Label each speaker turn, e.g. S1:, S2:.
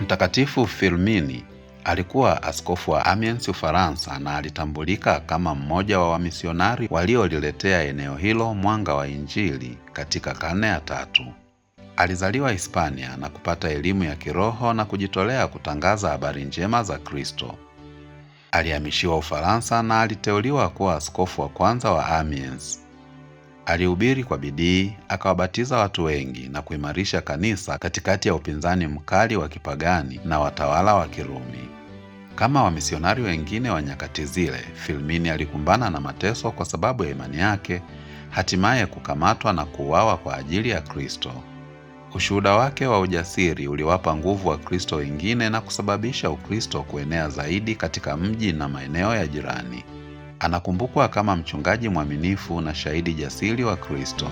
S1: Mtakatifu Firmini alikuwa askofu wa Amiens, Ufaransa, na alitambulika kama mmoja wa wamisionari walioliletea eneo hilo mwanga wa Injili katika karne ya tatu. Alizaliwa Hispania na kupata elimu ya kiroho na kujitolea kutangaza habari njema za Kristo. Alihamishiwa Ufaransa na aliteuliwa kuwa askofu wa kwanza wa Amiens. Alihubiri kwa bidii, akawabatiza watu wengi na kuimarisha kanisa katikati ya upinzani mkali wa kipagani na watawala wa Kirumi. Kama wamisionari wengine wa nyakati zile, Filmini alikumbana na mateso kwa sababu ya imani yake, hatimaye kukamatwa na kuuawa kwa ajili ya Kristo. Ushuhuda wake wa ujasiri uliwapa nguvu wa kristo wengine na kusababisha Ukristo kuenea zaidi katika mji na maeneo ya jirani. Anakumbukwa kama mchungaji mwaminifu na shahidi jasiri wa Kristo.